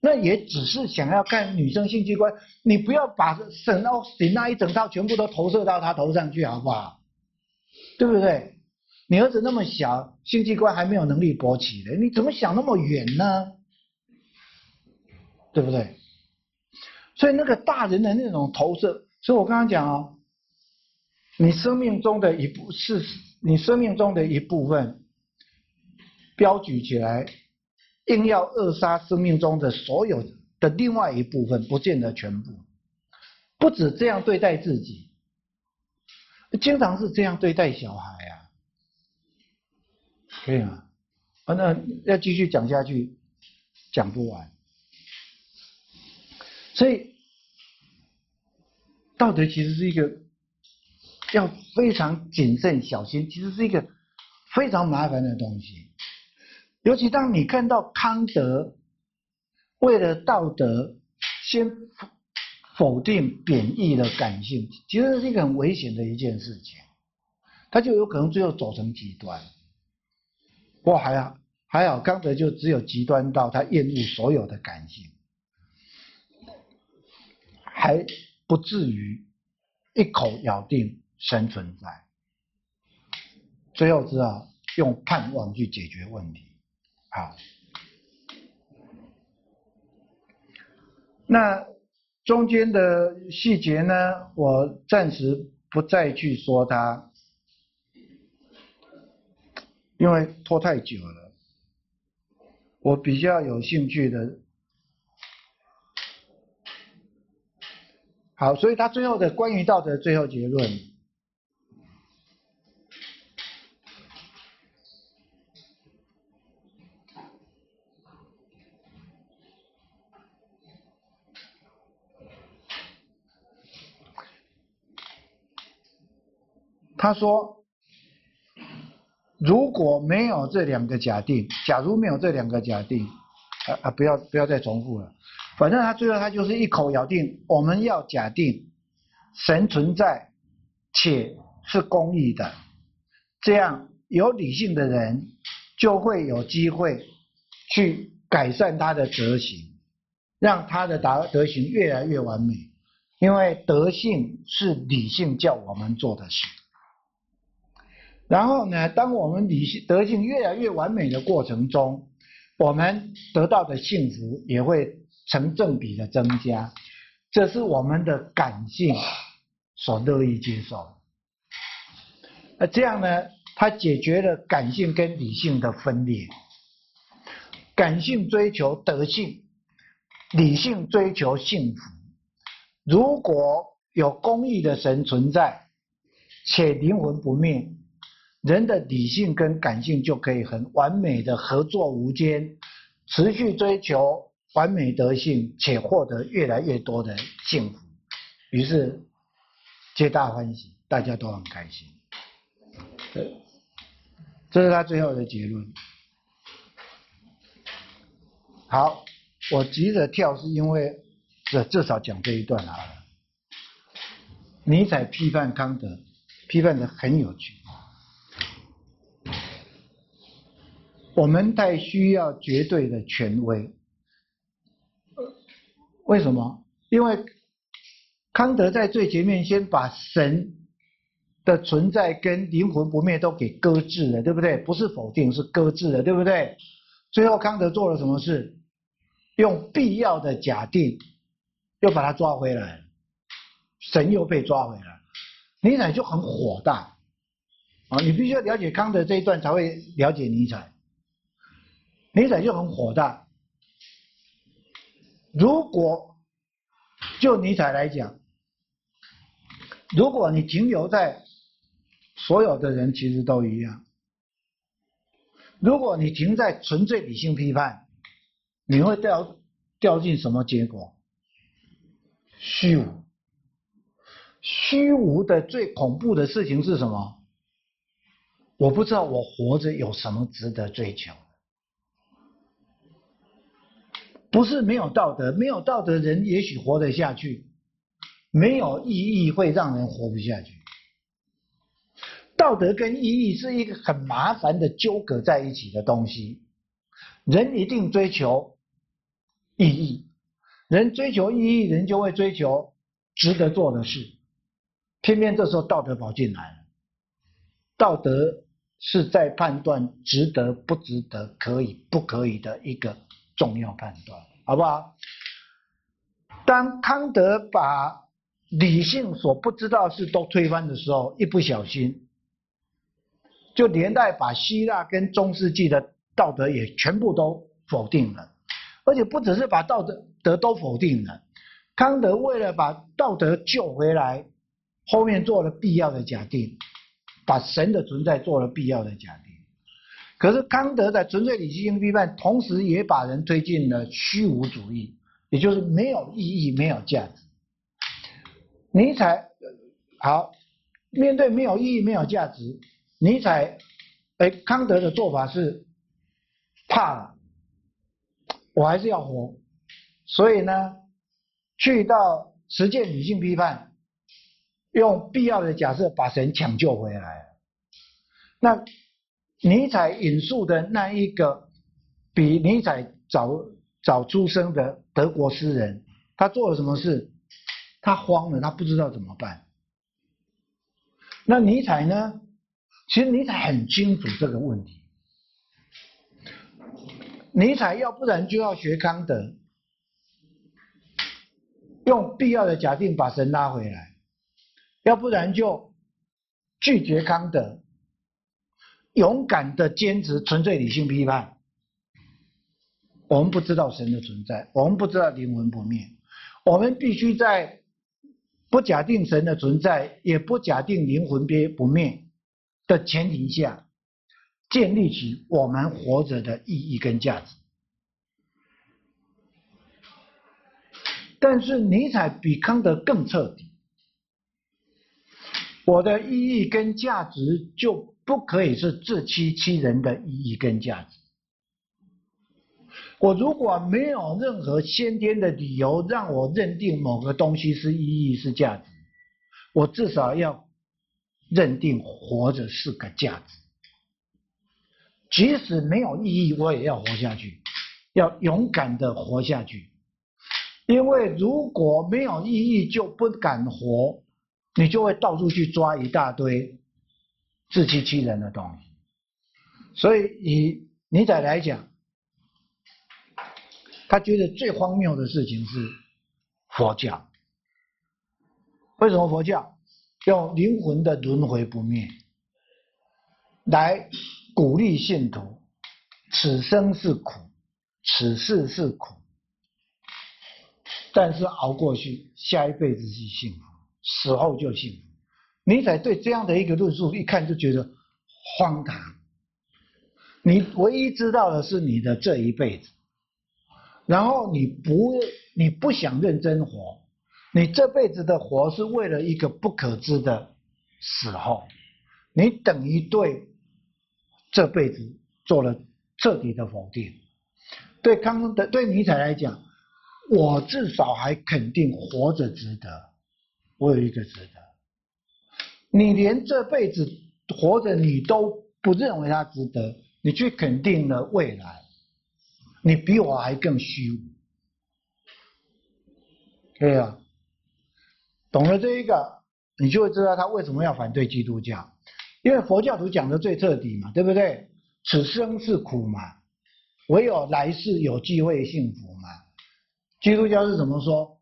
那也只是想要看女生性器官。你不要把省到雪那一整套全部都投射到他頭上去，好不好？對不對？你兒子那麼小，性器官還沒有能力勃起的，你怎麼想那麼遠呢？對不對？所以那個大人的那種投射，所以我剛剛講哦，你生命中的一部分，是你生命中的一部分，標舉起來，硬要扼殺生命中的所有的另外一部分，不見得全部，不止這樣對待自己，經常是這樣對待小孩。可以啊，反正要繼續講下去，講不完。所以道德其實是一個要非常謹慎小心，其實是一個非常麻煩的東西。尤其當你看到康德為了道德先否定貶義的感性，其實是一個很危險的一件事情，他就有可能最後走成極端。不過還好，還好，剛才就只有極端到他厭惡所有的感性，還不至於一口咬定神存在，最後只好用盼望去解決問題。好，那中間的細節呢，我暫時不再去說它。因為拖太久了，我比較有興趣的，好，所以他最後的關於道德最後結論，他說。如果沒有這兩個假定，假如沒有這兩個假定，啊啊，不要不要再重複了。反正他最後他就是一口咬定，我們要假定神存在且是公義的，這樣有理性的人就會有機會去改善他的德行，讓他的德德行越來越完美，因為德性是理性叫我們做的事。然後呢，當我們理性德性越來越完美的過程中，我們得到的幸福也會成正比的增加，這是我們的感性所樂意接受的。那這樣呢，它解決了感性跟理性的分裂。感性追求德性，理性追求幸福。如果有公義的神存在，且靈魂不滅。人的理性跟感性就可以很完美的合作無間，持續追求完美德性，且獲得越來越多的幸福，於是皆大歡喜，大家都很開心。這是他最後的結論。好，我急着跳是因為，這至少講這一段啊。尼采批判康德，批判的很有趣。我們太需要絕對的權威，為什麼？因為康德在最前面先把神的存在跟靈魂不滅都給擱置了，對不對？不是否定，是擱置了，對不對？最後康德做了什麼事？用必要的假定又把他抓回來，神又被抓回來，尼采就很火大啊！你必須要了解康德這一段，才會了解尼采。尼采就很火大。如果就尼采來講，如果你停留在所有的人其實都一樣，如果你停在純粹理性批判，你會掉掉進什麼結果？虛無。虛無的最恐怖的事情是什麼？我不知道我活着有什麼值得追求。不是沒有道德，沒有道德的人也許活得下去，沒有意義會讓人活不下去。道德跟意義是一個很麻煩的糾葛在一起的東西，人一定追求意義，人追求意義，人就會追求值得做的事，偏偏這時候道德跑進來了，道德是在判斷值得不值得、可以不可以的一個。重要判斷，好不好？當康德把理性所不知道的事都推翻的時候，一不小心，就連帶把希臘跟中世紀的道德也全部都否定了，而且不只是把道德德都否定了。康德為了把道德救回來，後面做了必要的假定，把神的存在做了必要的假定。可是康德的《純粹理性批判》同時也把人推進了虛無主義，也就是沒有意義、沒有價值。尼采好面對沒有意義、沒有價值，尼采哎康德的做法是怕了，我還是要活，所以呢去到實踐理性批判，用必要的假設把神搶救回來，那。尼采引述的那一個比尼采早早出生的德國詩人，他做了什麼事？他慌了，他不知道怎麼辦。那尼采呢？其實尼采很清楚這個問題。尼采要不然就要學康德，用必要的假定把神拉回來；要不然就拒絕康德。勇敢的堅持，純粹理性批判。我們不知道神的存在，我們不知道靈魂不滅。我們必須在不假定神的存在，也不假定靈魂不不滅的前提下，建立起我們活着的意義跟價值。但是尼采比康德更徹底。我的意義跟價值就。不可以是自欺欺人的意義跟價值。我如果沒有任何先天的理由，讓我認定某個東西是意義是價值，我至少要認定活着是個價值。即使沒有意義，我也要活下去，要勇敢的活下去。因為如果沒有意義就不敢活，你就會到處去抓一大堆。自欺欺人的東西，所以以尼采來講，他覺得最荒謬的事情是佛教。為什麼佛教用靈魂的輪迴不滅來鼓勵信徒？此生是苦，此世是苦，但是熬過去，下一輩子是幸福，死後就幸福。尼采對這樣的一個論述，一看就覺得荒唐。你唯一知道的是你的這一輩子，然後你不，你不想認真活，你這輩子的活是為了一個不可知的死後，你等於對這輩子做了徹底的否定。對康德，對尼采來講，我至少還肯定活着值得，我有一個值得。你連這輩子活着，你都不認為他值得，你卻肯定了未來，你比我還更虛無，對啊，懂了這一個，你就會知道他為什麼要反對基督教，因為佛教徒講的最徹底嘛，對不對？此生是苦嘛，唯有來世有機會幸福嘛。基督教是怎麼說？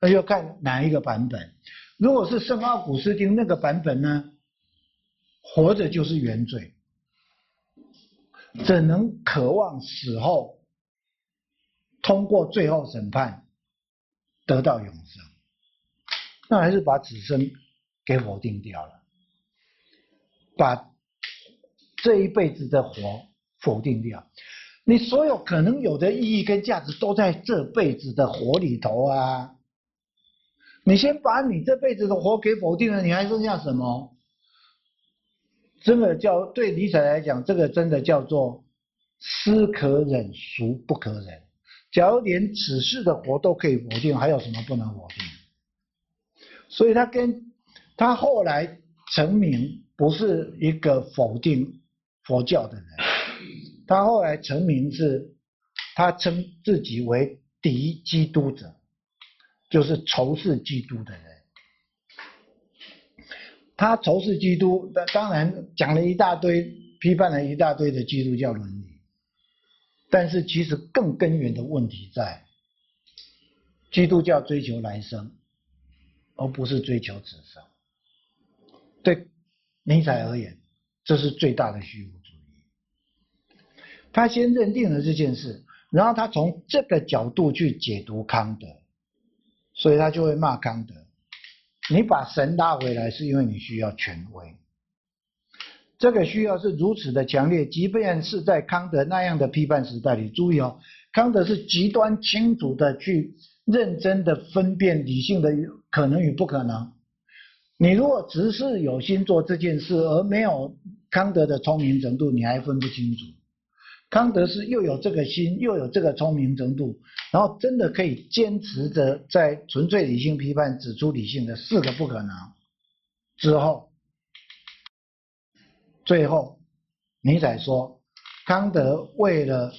那就看哪一個版本。如果是聖奧古斯丁那個版本呢？活着就是原罪，只能渴望死後通過最後審判得到永生。那還是把此生給否定掉了，把這一輩子的活否定掉，你所有可能有的意義跟價值都在這輩子的活裡頭啊。你先把你這輩子的活給否定了，你還剩下什麼？真的叫對尼采來講，這個真的叫做，是可忍孰不可忍。假如連此世的活都可以否定，還有什麼不能否定？所以他跟他後來成名不是一個否定佛教的人，他後來成名是，他稱自己為敵基督者。就是仇視基督的人，他仇視基督，當然講了一大堆，批判了一大堆的基督教倫理，但是其實更根源的問題在，基督教追求來生，而不是追求此生。對尼采而言，這是最大的虛無主義。他先認定了這件事，然後他從這個角度去解讀康德。所以他就會罵康德，你把神拉回來，是因為你需要權威。這個需要是如此的強烈，即便是在康德那樣的批判時代裡，注意哦，康德是極端清楚的去認真的分辨理性的可能與不可能。你如果只是有心做這件事，而沒有康德的聰明程度，你還分不清楚。康德是又有這個心，又有這個聰明程度，然後真的可以堅持着在純粹理性批判指出理性的四個不可能之後，最後尼采說，康德為了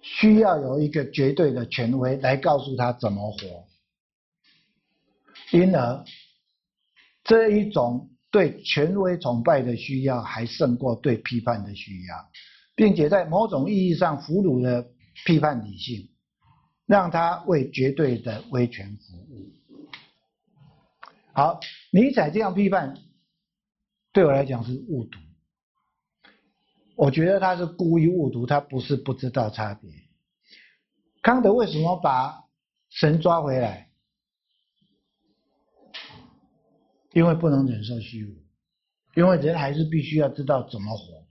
需要有一個絕對的權威來告訴他怎麼活，因而這一種。對權威崇拜的需要還勝過對批判的需要，並且在某種意義上俘虜了批判理性，讓他為絕對的威權服務。好，尼采這樣批判，對我來講是誤讀。我覺得他是故意誤讀，他不是不知道差別。康德為什麼把神抓回來？因為不能忍受虛無，因為人還是必須要知道怎麼活，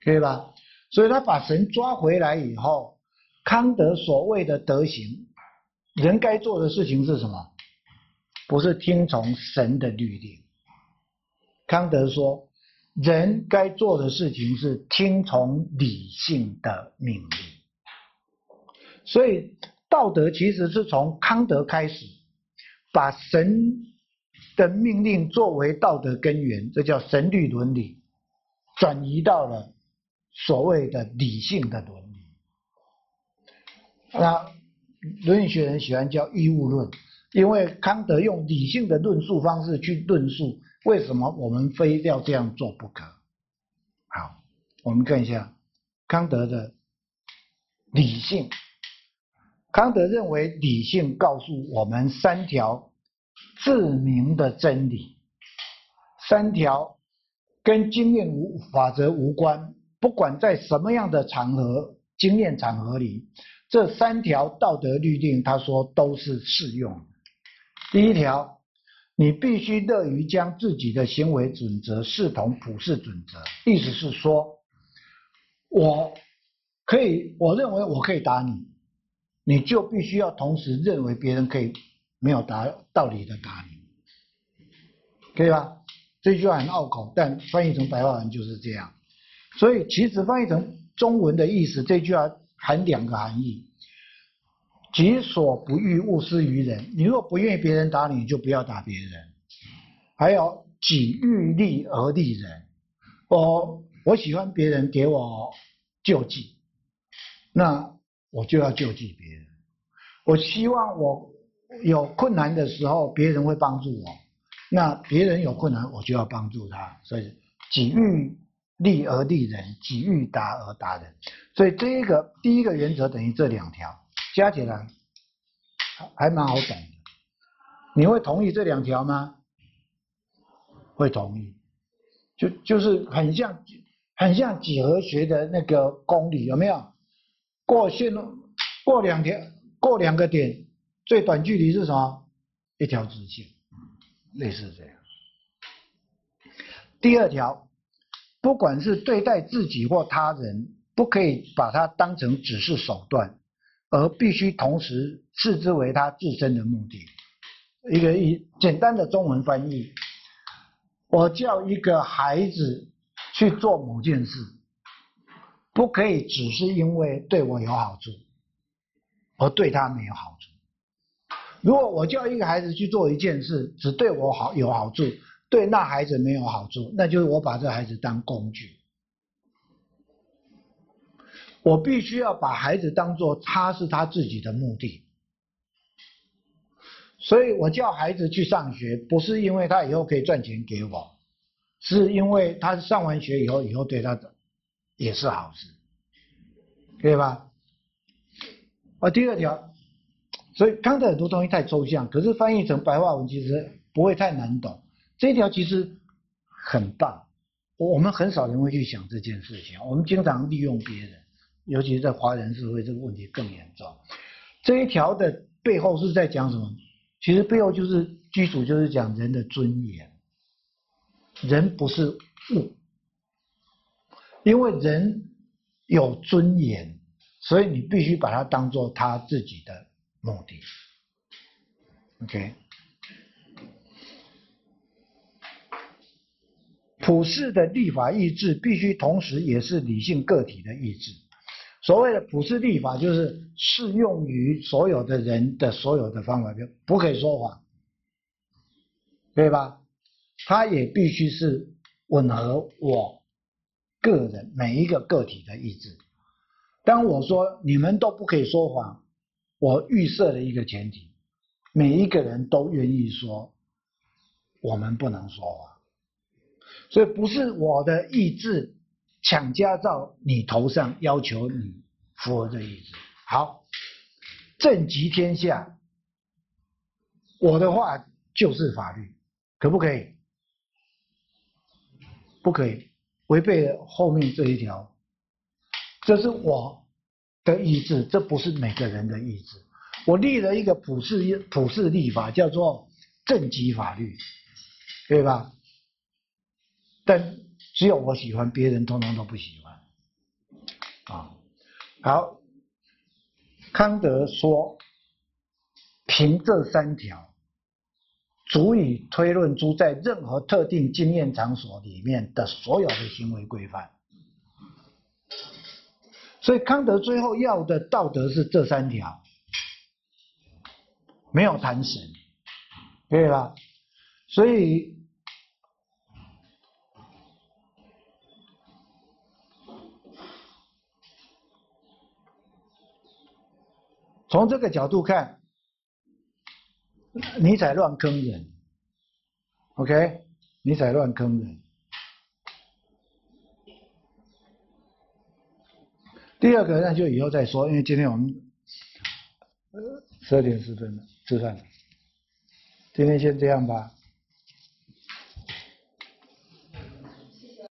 可以吧？所以他把神抓回來以後，康德所謂的德行，人該做的事情是什麼？不是聽從神的律令。康德說，人該做的事情是聽從理性的命令。所以道德其實是從康德開始，把神的命令作為道德根源，這叫神律倫理，轉移到了所謂的理性的倫理。那倫理學人喜歡叫義務論，因為康德用理性的論述方式去論述為什麼我們非要這樣做不可。好，我們看一下康德的理性。康德認為理性告訴我們三條。自明的真理，三條跟經驗無法則無關，不管在什麼樣的場合、經驗場合裡，這三條道德律令，他說都是適用。第一條，你必須樂於將自己的行為準則視同普世準則，意思是說，我可以，我認為我可以打你，你就必須要同時認為別人可以。沒有打道理的打你，可以吧？這句話很拗口，但翻譯成白話文就是這樣。所以，其實翻譯成中文的意思，這句話含兩個含義：己所不欲，勿施於人。你若不願意別人打你，你就不要打別人。還有，己欲立而立人。我、哦、我喜歡別人給我救濟，那我就要救濟別人。我希望我。有困難的時候，別人會幫助我，那別人有困難，我就要幫助他。所以，己欲立而立人，己欲達而達人。所以，這一個第一個原則等於這兩條，加起來還還蠻好懂的。你會同意這兩條嗎？會同意？就就是很像很像幾何學的那個公理，有沒有？過線過兩條過兩個點。最短距離是什麼？一條直線，類似這樣。第二條，不管是對待自己或他人，不可以把它當成只是手段，而必須同時視之為他自身的目的。一個一簡單的中文翻譯：我叫一個孩子去做某件事，不可以只是因為對我有好處，而對他沒有好處。如果我叫一個孩子去做一件事，只對我好有好處，對那孩子沒有好處，那就是我把這孩子當工具。我必須要把孩子當做他是他自己的目的。所以我叫孩子去上學，不是因為他以後可以賺錢給我，是因為他上完學以後，以後對他的也是好事，對吧？哦，第二條。所以剛才很多東西太抽象，可是翻譯成白話文其實不會太難懂。這一條其實很棒，我們很少人會去想這件事情。我們經常利用別人，尤其是在華人社會這個問題更嚴重。這一條的背後是在講什麼？其實背後就是基礎，就是講人的尊嚴。人不是物，因為人有尊嚴，所以你必須把它當做他自己的。目的，OK，普世的立法意志必須同時也是理性個體的意志。所謂的普世立法就是適用於所有的人的所有的方法，不可以說謊，對吧？它也必須是吻合我個人每一個個體的意志。當我說你們都不可以說謊。我預設了一個前提，每一個人都願意說，我們不能說謊。所以不是我的意志強加到你頭上，要求你符合這意志。好，朕即天下，我的話就是法律，可不可以？不可以，違背了後面這一條，這是我的意志，這不是每個人的意志。我立了一個普世普世立法，叫做政績法律，對吧？但只有我喜歡，別人通通都不喜歡啊、哦。好，康德說，憑這三條，足以推論出在任何特定經驗場所裡面的所有的行為規範。所以康德最後要的道德是這三條，沒有談神，對了，所以從這個角度看，尼采亂坑人，OK，尼采亂坑人。第二個那就以後再說，因為今天我們，呃，十二點十分了，吃飯了。今天先這樣吧。